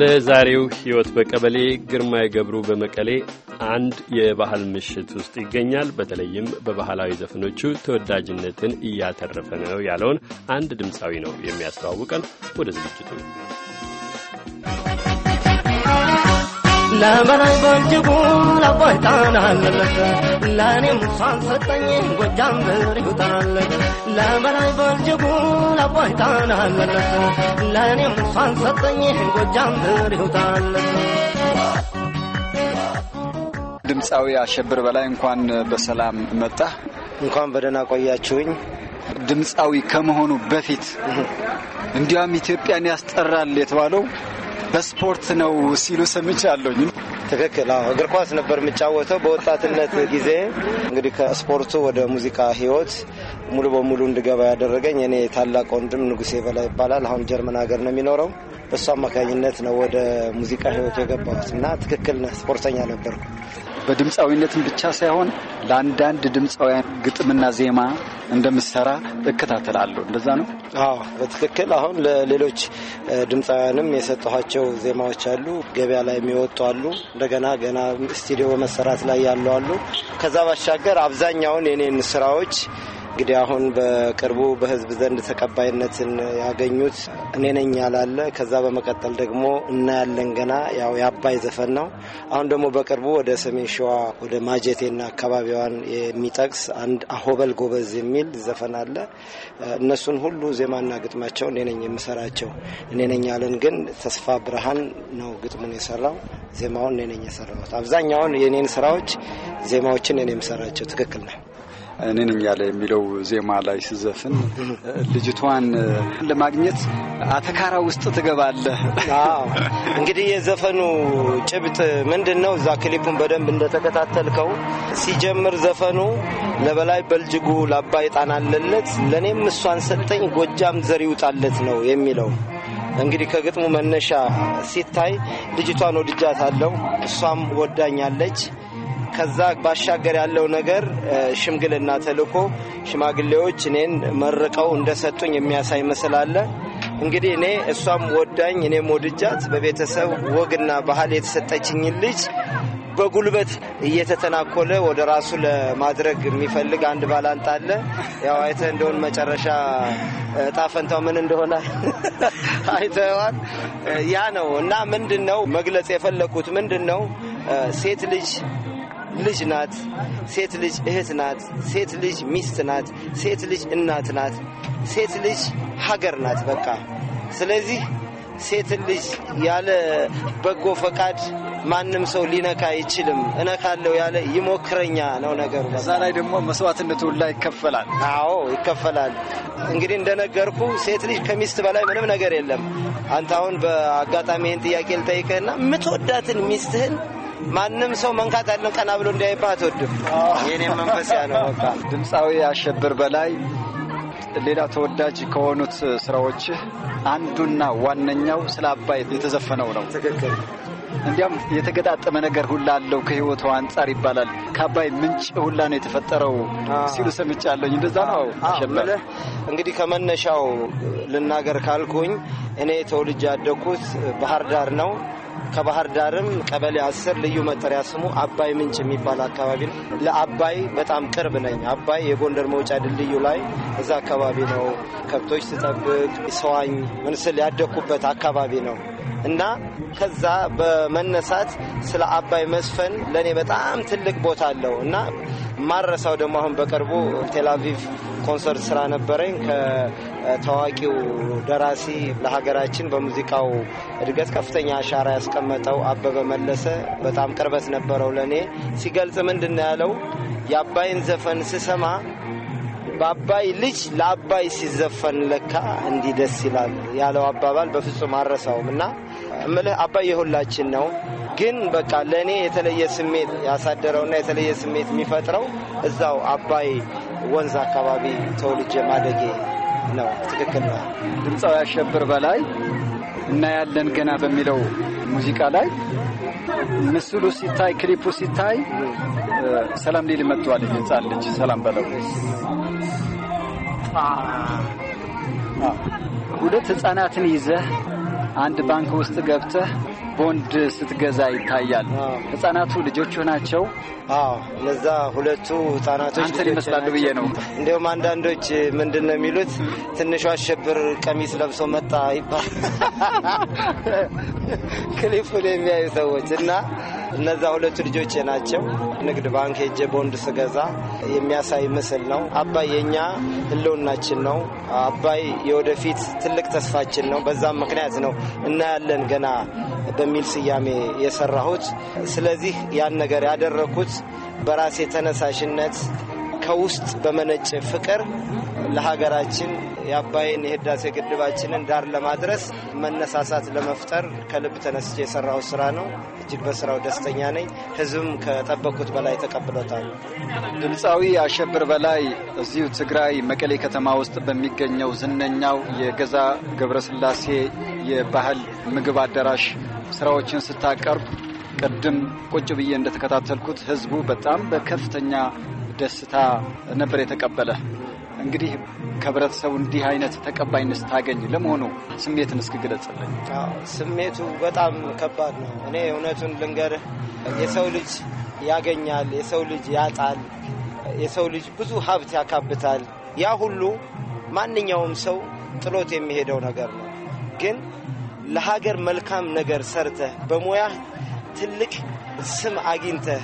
ለዛሬው ሕይወት በቀበሌ ግርማይ ገብሩ በመቀሌ አንድ የባህል ምሽት ውስጥ ይገኛል። በተለይም በባህላዊ ዘፈኖቹ ተወዳጅነትን እያተረፈ ነው ያለውን አንድ ድምፃዊ ነው የሚያስተዋውቀን። ወደ ዝግጅቱ ለመላይ በእጅጉ ለእኔም ጎጃም ይውጠናለች በእጅጉ ለእኔም ጎጃም ይውጠናለች ድምፃዊ አሸብር በላይ እንኳን በሰላም መጣ። እንኳን በደህና ቆያችሁኝ። ድምፃዊ ከመሆኑ በፊት እንዲያውም ኢትዮጵያን ያስጠራል የተባለው በስፖርት ነው ሲሉ ሰምቻለሁ። ትክክል። እግር ኳስ ነበር የምጫወተው በወጣትነት ጊዜ። እንግዲህ ከስፖርቱ ወደ ሙዚቃ ህይወት ሙሉ በሙሉ እንድገባ ያደረገኝ እኔ ታላቅ ወንድም ንጉሴ በላይ ይባላል። አሁን ጀርመን ሀገር ነው የሚኖረው። በእሱ አማካኝነት ነው ወደ ሙዚቃ ህይወት የገባሁት እና ትክክል ነህ፣ ስፖርተኛ ነበርኩ። በድምፃዊነትም ብቻ ሳይሆን ለአንዳንድ ድምፃውያን ግጥምና ዜማ እንደምሰራ እከታተላለሁ። እንደዛ ነው? አዎ በትክክል አሁን ለሌሎች ድምፃውያንም የሰጠኋቸው ዜማዎች አሉ። ገበያ ላይ የሚወጡ አሉ። እንደገና ገና ስቱዲዮ በመሰራት ላይ ያሉ አሉ። ከዛ ባሻገር አብዛኛውን የኔን ስራዎች እንግዲህ አሁን በቅርቡ በህዝብ ዘንድ ተቀባይነትን ያገኙት እኔ ነኝ ያላለ፣ ከዛ በመቀጠል ደግሞ እናያለን ገና ያው የአባይ ዘፈን ነው። አሁን ደግሞ በቅርቡ ወደ ሰሜን ሸዋ ወደ ማጀቴና አካባቢዋን የሚጠቅስ አንድ አሆበል ጎበዝ የሚል ዘፈን አለ። እነሱን ሁሉ ዜማና ግጥማቸው እኔ ነኝ የምሰራቸው። እኔ ነኝ ያለን ግን ተስፋ ብርሃን ነው ግጥሙን የሰራው፣ ዜማውን እኔ ነኝ የሰራሁት። አብዛኛውን የእኔን ስራዎች ዜማዎችን እኔ የምሰራቸው ትክክል ነው። እኔ ነኝ ያለ የሚለው ዜማ ላይ ስዘፍን ልጅቷን ለማግኘት አተካራ ውስጥ ትገባለህ። እንግዲህ የዘፈኑ ጭብጥ ምንድን ነው? እዛ ክሊፑን በደንብ እንደተከታተልከው ሲጀምር ዘፈኑ ለበላይ በልጅጉ ላባ ጣና አለለት ለእኔም እሷን ሰጠኝ ጎጃም ዘር ይውጣለት ነው የሚለው። እንግዲህ ከግጥሙ መነሻ ሲታይ ልጅቷን ወድጃታለሁ፣ እሷም ወዳኛለች ከዛ ባሻገር ያለው ነገር ሽምግልና ተልኮ ሽማግሌዎች እኔን መርቀው እንደሰጡኝ የሚያሳይ ምስል አለ። እንግዲህ እኔ እሷም ወዳኝ እኔም ወድጃት በቤተሰብ ወግና ባህል የተሰጠችኝን ልጅ በጉልበት እየተተናኮለ ወደ ራሱ ለማድረግ የሚፈልግ አንድ ባላንጣ አለ። ያው አይተህ እንደሆን መጨረሻ ጣፈንታው ምን እንደሆነ አይተዋል። ያ ነው እና ምንድን ነው መግለጽ የፈለግኩት ምንድን ነው ሴት ልጅ ልጅ ናት፣ ሴት ልጅ እህት ናት፣ ሴት ልጅ ሚስት ናት፣ ሴት ልጅ እናት ናት፣ ሴት ልጅ ሀገር ናት። በቃ ስለዚህ ሴትን ልጅ ያለ በጎ ፈቃድ ማንም ሰው ሊነካ አይችልም። እነካለው ያለ ይሞክረኛ ነው ነገሩ። እዛ ላይ ደግሞ መስዋዕትነቱ ላይ ይከፈላል። አዎ ይከፈላል። እንግዲህ እንደነገርኩ ሴት ልጅ ከሚስት በላይ ምንም ነገር የለም። አንተ አሁን በአጋጣሚ ይህን ጥያቄ ልጠይቅህና የምትወዳትን ሚስትህን ማንም ሰው መንካት ያለን ቀና ብሎ እንዳይባ አትወድም። የኔ መንፈስ ያ ነው። በቃ ድምፃዊ አሸብር በላይ ሌላ ተወዳጅ ከሆኑት ስራዎችህ አንዱና ዋነኛው ስለ አባይ የተዘፈነው ነው። እንዲያም የተገጣጠመ ነገር ሁላ አለው ከህይወቱ አንጻር ይባላል። ከአባይ ምንጭ ሁላ ነው የተፈጠረው ሲሉ ሰምቻለሁኝ። እንደዛ ነው ሸበለ። እንግዲህ ከመነሻው ልናገር ካልኩኝ እኔ ተወልጄ ያደግኩት ባህር ዳር ነው። ከባህር ዳርም ቀበሌ አስር ልዩ መጠሪያ ስሙ አባይ ምንጭ የሚባል አካባቢ ነው። ለአባይ በጣም ቅርብ ነኝ። አባይ የጎንደር መውጫ ድልድዩ ላይ እዛ አካባቢ ነው ከብቶች ስጠብቅ ሰዋኝ ምንስል ስል አካባቢ ነው እና ከዛ በመነሳት ስለ አባይ መስፈን ለእኔ በጣም ትልቅ ቦታ አለው እና ማረሳው ደግሞ አሁን በቅርቡ ቴላቪቭ ኮንሰርት ስራ ነበረኝ ታዋቂው ደራሲ ለሀገራችን በሙዚቃው እድገት ከፍተኛ አሻራ ያስቀመጠው አበበ መለሰ በጣም ቅርበት ነበረው ለእኔ። ሲገልጽ ምንድን ነው ያለው? የአባይን ዘፈን ስሰማ በአባይ ልጅ ለአባይ ሲዘፈን ለካ እንዲህ ደስ ይላል ያለው አባባል በፍጹም አረሳውም እና እምልህ አባይ የሁላችን ነው ግን በቃ ለእኔ የተለየ ስሜት ያሳደረውና የተለየ ስሜት የሚፈጥረው እዛው አባይ ወንዝ አካባቢ ተወልጄ ማደጌ ነው። ትክክል ነው። ድምፃዊ አሸብር በላይ እና ያለን ገና በሚለው ሙዚቃ ላይ ምስሉ ሲታይ ክሊፑ ሲታይ ሰላም ሊል መጥቷል። ህጻን ልጅ ሰላም በለው ሁለት ህጻናትን ይዘህ አንድ ባንክ ውስጥ ገብተህ ቦንድ ስትገዛ ይታያል። ህጻናቱ ልጆቹ ናቸው? አዎ፣ እነዛ ሁለቱ ህጻናቶች አንተን ይመስላሉ ብዬ ነው። እንዲሁም አንዳንዶች ምንድን ነው የሚሉት ትንሿ አሸብር ቀሚስ ለብሶ መጣ ይባል ክሊፉን የሚያዩ ሰዎች እና እነዛ ሁለቱ ልጆቼ ናቸው። ንግድ ባንክ ሄጄ ቦንድ ስገዛ የሚያሳይ ምስል ነው። አባይ የእኛ ህልውናችን ነው። አባይ የወደፊት ትልቅ ተስፋችን ነው። በዛም ምክንያት ነው እናያለን ገና በሚል ስያሜ የሰራሁት። ስለዚህ ያን ነገር ያደረኩት በራሴ ተነሳሽነት ከውስጥ በመነጨ ፍቅር ለሀገራችን የአባይን የህዳሴ ግድባችንን ዳር ለማድረስ መነሳሳት ለመፍጠር ከልብ ተነስቼ የሰራው ስራ ነው። እጅግ በስራው ደስተኛ ነኝ። ህዝብም ከጠበቁት በላይ ተቀብሎታል። ድምፃዊ አሸብር በላይ እዚሁ ትግራይ መቀሌ ከተማ ውስጥ በሚገኘው ዝነኛው የገዛ ገብረስላሴ የባህል ምግብ አዳራሽ ስራዎችን ስታቀርብ ቅድም ቁጭ ብዬ እንደተከታተልኩት ህዝቡ በጣም በከፍተኛ በደስታ ነበር የተቀበለ። እንግዲህ ከህብረተሰቡ እንዲህ አይነት ተቀባይነት ስታገኝ ለመሆኑ ስሜትን እስክገለጽልኝ። ስሜቱ በጣም ከባድ ነው። እኔ እውነቱን ልንገርህ፣ የሰው ልጅ ያገኛል፣ የሰው ልጅ ያጣል፣ የሰው ልጅ ብዙ ሀብት ያካብታል። ያ ሁሉ ማንኛውም ሰው ጥሎት የሚሄደው ነገር ነው። ግን ለሀገር መልካም ነገር ሰርተህ በሙያህ ትልቅ ስም አግኝተህ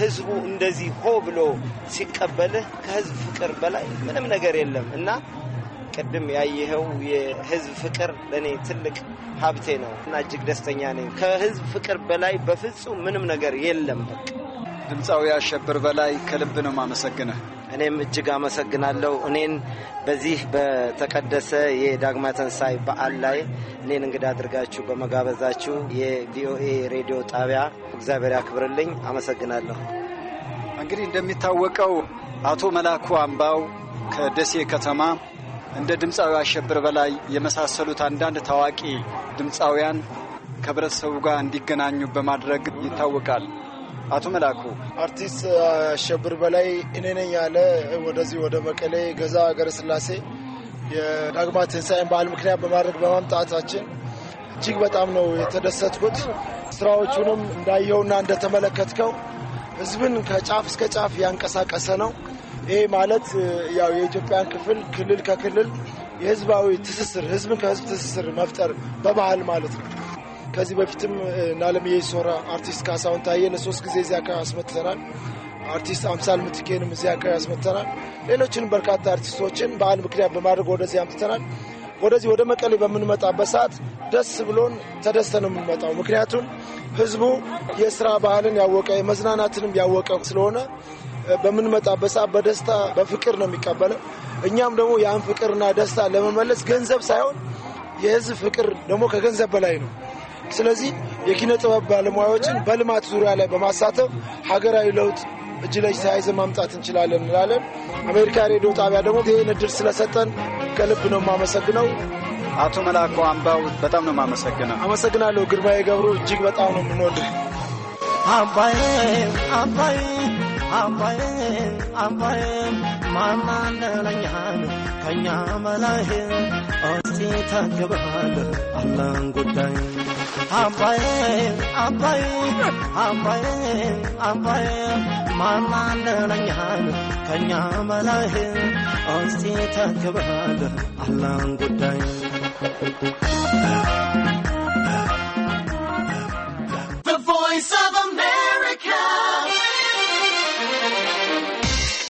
ህዝቡ እንደዚህ ሆ ብሎ ሲቀበልህ ከህዝብ ፍቅር በላይ ምንም ነገር የለም እና ቅድም ያየኸው የህዝብ ፍቅር ለእኔ ትልቅ ሀብቴ ነው እና እጅግ ደስተኛ ነኝ። ከህዝብ ፍቅር በላይ በፍጹም ምንም ነገር የለም። በቃ ድምፃዊ አሸብር በላይ ከልብ ነው ማመሰግነህ። እኔም እጅግ አመሰግናለሁ። እኔን በዚህ በተቀደሰ የዳግማ ተንሳይ በዓል ላይ እኔን እንግዳ አድርጋችሁ በመጋበዛችሁ የቪኦኤ ሬዲዮ ጣቢያ እግዚአብሔር ያክብርልኝ። አመሰግናለሁ። እንግዲህ እንደሚታወቀው አቶ መላኩ አምባው ከደሴ ከተማ እንደ ድምፃዊ አሸብር በላይ የመሳሰሉት አንዳንድ ታዋቂ ድምፃውያን ከህብረተሰቡ ጋር እንዲገናኙ በማድረግ ይታወቃል። አቶ መላኩ አርቲስት አሸብር በላይ እኔ ነኝ ያለ ወደዚህ ወደ መቀሌ ገዛ ሀገረ ስላሴ የዳግማ ትንሣኤን በዓል ምክንያት በማድረግ በማምጣታችን እጅግ በጣም ነው የተደሰትኩት። ስራዎቹንም እንዳየውና እንደተመለከትከው ህዝብን ከጫፍ እስከ ጫፍ ያንቀሳቀሰ ነው። ይሄ ማለት ያው የኢትዮጵያን ክፍል ክልል ከክልል የህዝባዊ ትስስር ህዝብን ከህዝብ ትስስር መፍጠር በባህል ማለት ነው። ከዚህ በፊትም ናለም የሶራ አርቲስት ካሳሁን ታየን ሶስት ጊዜ እዚያ አካባቢ አስመትተናል። አርቲስት አምሳል ምትኬንም እዚያ አካባቢ አስመትተናል። ሌሎችንም በርካታ አርቲስቶችን በአንድ ምክንያት በማድረግ ወደዚህ አምጥተናል። ወደዚህ ወደ መቀሌ በምንመጣበት ሰዓት ደስ ብሎን ተደስተ ነው የምንመጣው። ምክንያቱም ህዝቡ የስራ ባህልን ያወቀ የመዝናናትንም ያወቀ ስለሆነ በምንመጣበት ሰዓት በደስታ በፍቅር ነው የሚቀበለው። እኛም ደግሞ ያን ፍቅርና ደስታ ለመመለስ ገንዘብ ሳይሆን የህዝብ ፍቅር ደግሞ ከገንዘብ በላይ ነው። ስለዚህ የኪነ ጥበብ ባለሙያዎችን በልማት ዙሪያ ላይ በማሳተፍ ሀገራዊ ለውጥ እጅ ለእጅ ተያይዘን ማምጣት እንችላለን እንላለን። አሜሪካ ሬዲዮ ጣቢያ ደግሞ ይህን እድል ስለሰጠን ከልብ ነው የማመሰግነው። አቶ መላኩ አምባው በጣም ነው የማመሰግነው። አመሰግናለሁ። ግርማ ገብሩ እጅግ በጣም ነው የምንወድ። አባዬ አባዬ አባዬ አባዬ ከኛ መላህ እስቲ ተግባል አላን ጉዳይ አባዬ አባዬ አባዬ አባዬ ማማለለኛል ከኛ መላህ እስቲ ተግባል አላን ጉዳይ